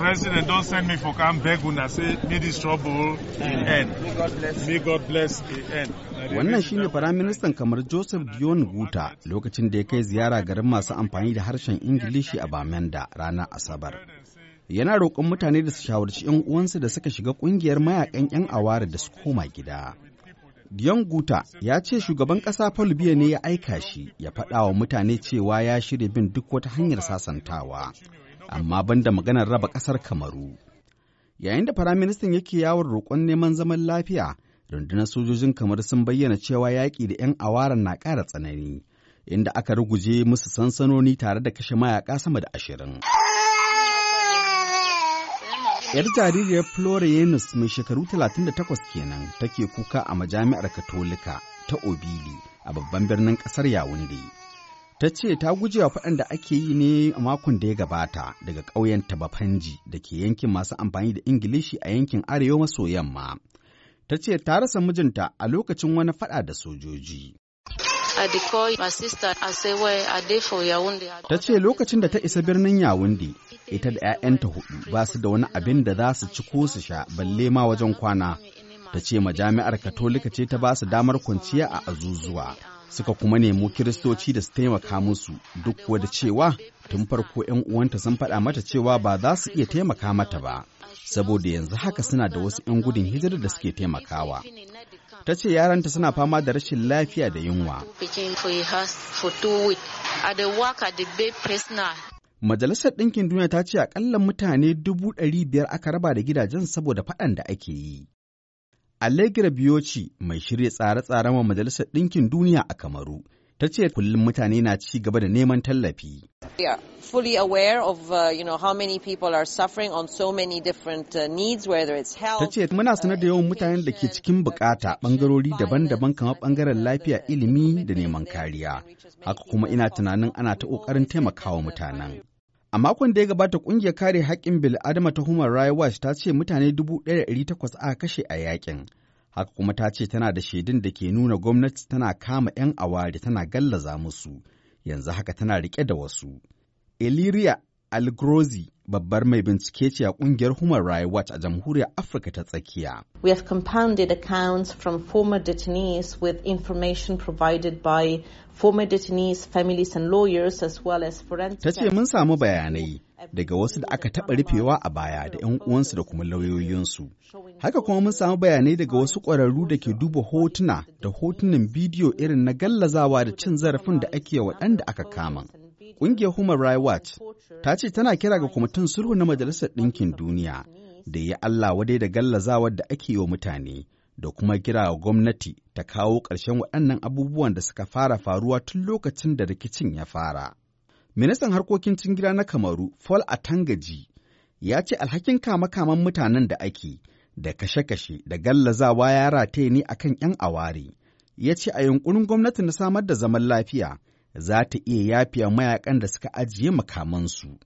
President, don't send me for come beg una say me this trouble in end. May God bless the end. Wannan shine Firaministan kamar Joseph Dion Guta lokacin da ya kai ziyara garin masu amfani da harshen Ingilishi a Bamenda ranar Asabar. Yana roƙon mutane da su shawarci 'yan uwansu da suka shiga ƙungiyar mayakan 'yan awara da su koma gida. Dion Guta ya ce shugaban ƙasa Paul Biya ne ya aika shi ya faɗa wa mutane cewa ya shirya bin duk wata hanyar sasantawa. amma banda maganar raba ƙasar kamaru yayin da faraministan yake yawon roƙon neman zaman lafiya rundunar sojojin kamar sun bayyana cewa yaƙi da 'yan awara na ƙara tsanani inda aka ruguje musu sansanoni tare da kashe mayaƙa sama da ashirin. ‘Yar jaririyar Florianus mai shekaru 38 kenan take kuka a majami'ar Katolika ta Obili a babban birnin ƙasar Yawunde. ta ce ta gujewa faɗan da ake yi ne a makon da ya gabata daga ƙauyen Tabafanji da ke yankin masu amfani da Ingilishi a yankin Arewa maso yamma. Ta ce ta rasa mijinta a lokacin wani faɗa da sojoji. Ta ce lokacin da ta isa birnin Yawundi, ita da ‘ya'yanta hudu ba su da wani abin da za su ci ko su sha balle ma wajen kwana. Ta ce majami'ar Katolika ce ta ba su damar kwanciya a azuzuwa. suka kuma nemo kiristoci da su taimaka musu duk da cewa tun farko 'yan uwanta sun faɗa mata cewa ba za su iya taimaka mata ba saboda yanzu haka suna da wasu 'yan gudun hijira da suke taimakawa ta ce yaranta suna fama da rashin lafiya da yunwa Majalisar Ɗinkin Duniya ta ce akalla mutane dubu ɗari biyar aka raba da gidajen saboda faɗan da ake yi. Allegra Biyoci mai shirya tsare-tsaren wa Majalisar Ɗinkin Duniya a Kamaru ta ce kullum mutane na ci gaba da neman tallafi. We are fully of uh, you know how many people on so many uh, needs whether it's health. Ta ce muna sanar da yawan mutanen da ke cikin bukata bangarori daban-daban kamar bangaren lafiya, ilimi da neman kariya. Haka kuma ina tunanin ana ta kokarin taimakawa mutanen. A makon da ya gabata kungiyar kare haƙƙin bil'adama ta Human Rights Watch ta ce mutane 1,800 aka kashe a yakin. Haka kuma ta ce tana da shaidun da ke nuna gwamnati tana kama 'yan aware tana gallaza musu, yanzu haka tana riƙe da wasu. Eliria Algrozi babbar mai bincike ce a kungiyar Human Rights Watch a jamhuriyar Afirka ta tsakiya. We have compounded accounts from former detainees with information provided by former detainees, families and lawyers as well as forensic. Ta ce mun samu bayanai daga wasu da aka taɓa rufewa a baya da 'yan uwansu da kuma lauyoyinsu. Haka kuma mun samu bayanai daga wasu ƙwararru da ke duba hotuna da hotunan bidiyo irin na gallazawa da cin zarafin da ake waɗanda aka kama. Ƙungiyar Human Rights Watch ta ce tana kira ga kwamitin sulhu na Majalisar Ɗinkin Duniya da ya Allah wadai da gallazawar da ake yi wa mutane da kuma kira gwamnati ta kawo ƙarshen waɗannan abubuwan da suka fara faruwa tun lokacin da rikicin ya fara. Ministan harkokin cin gida na Kamaru, Paul Atangaji, ya ce alhakin kama-kaman mutanen da ake da kashe-kashe da gallazawa ya rataye ne akan 'yan aware. Ya ce a yunkurin gwamnati na samar da zaman lafiya, za ta iya yafiya mayakan da suka ajiye makamansu.